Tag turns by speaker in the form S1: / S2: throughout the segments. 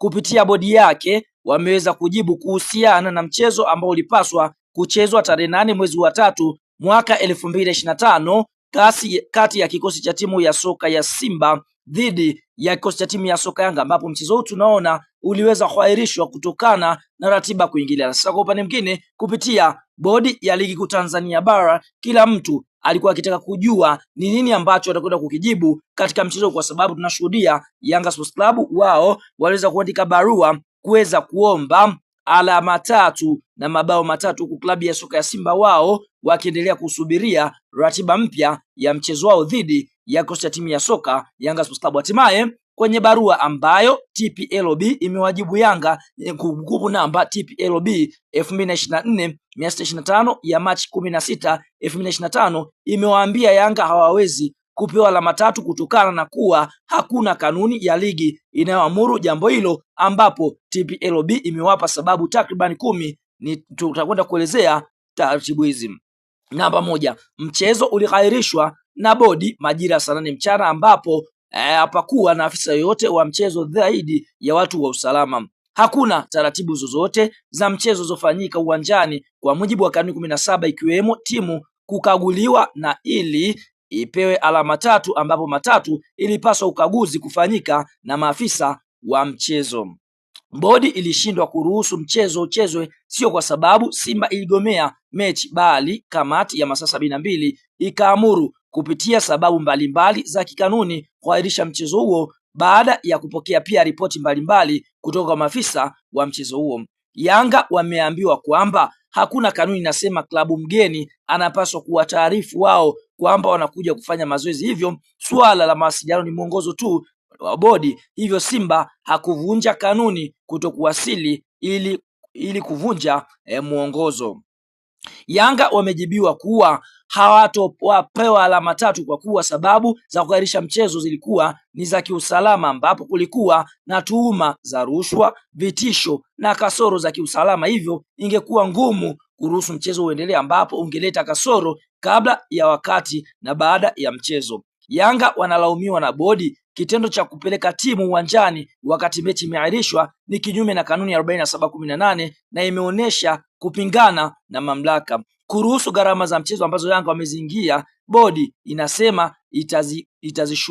S1: kupitia bodi yake wameweza kujibu kuhusiana na mchezo ambao ulipaswa kuchezwa tarehe nane mwezi wa tatu mwaka elfu mbili ishirini na tano kati ya kikosi cha timu ya soka ya Simba dhidi ya kikosi cha timu ya soka Yanga, ambapo mchezo huu tunaona uliweza kuahirishwa kutokana na ratiba kuingilia. Sasa kwa upande mwingine, kupitia bodi ya ligi kuu Tanzania bara, kila mtu alikuwa akitaka kujua ni nini ambacho atakwenda kukijibu katika mchezo, kwa sababu tunashuhudia Yanga Sports Club wao waliweza kuandika barua kuweza kuomba alama tatu na mabao matatu, huku klabu ya soka ya Simba wao wakiendelea kusubiria ratiba mpya ya mchezo wao dhidi ya kosta timu ya soka Yanga Sports Club. Hatimaye kwenye barua ambayo TPLB imewajibu Yanga kumbukumbu namba TPLB 2024 625 ya Machi 16 2025 imewaambia Yanga hawawezi kupewa alama tatu kutokana na kuwa hakuna kanuni ya ligi inayoamuru jambo hilo, ambapo TPLB imewapa sababu takribani kumi. Ni tutakwenda kuelezea taratibu hizi. Namba moja, mchezo ulighairishwa na bodi majira ya saa nane mchana ambapo E, hapakuwa na afisa yoyote wa mchezo zaidi ya watu wa usalama. Hakuna taratibu zozote za mchezo zofanyika uwanjani kwa mujibu wa kanuni kumi na saba ikiwemo timu kukaguliwa na ili ipewe alama tatu, ambapo matatu ilipaswa ukaguzi kufanyika na maafisa wa mchezo. Bodi ilishindwa kuruhusu mchezo uchezwe, sio kwa sababu Simba iligomea mechi, bali kamati ya masaa sabini na mbili ikaamuru kupitia sababu mbalimbali za kikanuni kuahirisha mchezo huo baada ya kupokea pia ripoti mbalimbali kutoka kwa maafisa wa mchezo huo. Yanga wameambiwa kwamba hakuna kanuni inasema klabu mgeni anapaswa kuwataarifu wao kwamba wanakuja kufanya mazoezi, hivyo suala la mawasiliano ni mwongozo tu wa bodi. Hivyo Simba hakuvunja kanuni kutokuwasili ili, ili kuvunja eh, mwongozo. Yanga wamejibiwa kuwa hawatowapewa alama tatu kwa kuwa sababu za kuahirisha mchezo zilikuwa ni za kiusalama, ambapo kulikuwa na tuhuma za rushwa, vitisho na kasoro za kiusalama, hivyo ingekuwa ngumu kuruhusu mchezo uendelee, ambapo ungeleta kasoro kabla ya wakati na baada ya mchezo. Yanga wanalaumiwa na bodi. Kitendo cha kupeleka timu uwanjani wakati mechi imeahirishwa ni kinyume na kanuni ya arobaini na na imeonyesha kupingana na mamlaka kuruhusu gharama za mchezo ambazo Yanga wameziingia, bodi inasema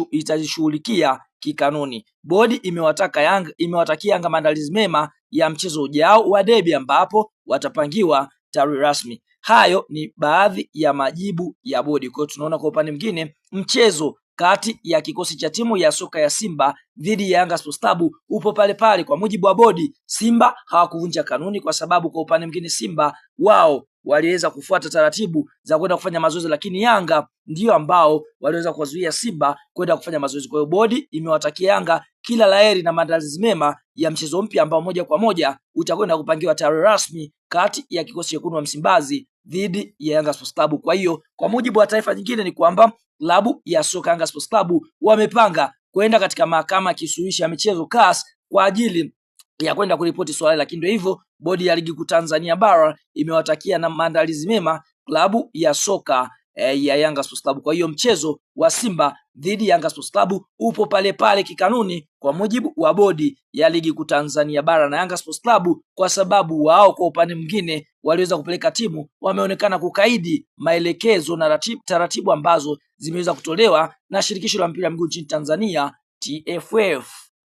S1: itazishughulikia itazi kikanuni. Bodi imewataka Yanga, imewatakia Yanga maandalizi mema ya mchezo ujao wa debi ambapo watapangiwa tarehe rasmi. Hayo ni baadhi ya majibu ya bodi. Kwa hiyo tunaona kwa upande mwingine mchezo kati ya kikosi cha timu ya soka ya Simba dhidi ya Yanga Sports Club upo pale pale. Kwa mujibu wa bodi, Simba hawakuvunja kanuni, kwa sababu kwa upande mwingine Simba wao waliweza kufuata taratibu za kwenda kufanya mazoezi, lakini Yanga ndiyo ambao waliweza kuwazuia Simba kwenda kufanya mazoezi. Kwa hiyo bodi imewatakia Yanga kila laheri na maandalizi mema ya mchezo mpya ambao moja kwa moja utakwenda kupangiwa tarehe rasmi kati ya kikosi chekundu wa Msimbazi dhidi ya Yanga Sports Club. Kwa hiyo kwa mujibu wa taarifa nyingine ni kwamba klabu ya soka Yanga Sports Club wamepanga kwenda katika mahakama ya kisuluhishi ya michezo CAS kwa ajili ya kwenda kuripoti swala, lakini ndio hivyo Bodi ya Ligi Kuu Tanzania Bara imewatakia na maandalizi mema klabu ya soka eh, ya Yanga Sports Club. Kwa hiyo mchezo wa Simba dhidi ya Yanga Sports Club upo pale pale kikanuni kwa mujibu wa bodi ya Ligi Kuu Tanzania Bara na Yanga Sports Club, kwa sababu wao kwa upande mwingine waliweza kupeleka timu, wameonekana kukaidi maelekezo na ratibu, taratibu ambazo zimeweza kutolewa na shirikisho la mpira wa miguu nchini Tanzania TFF.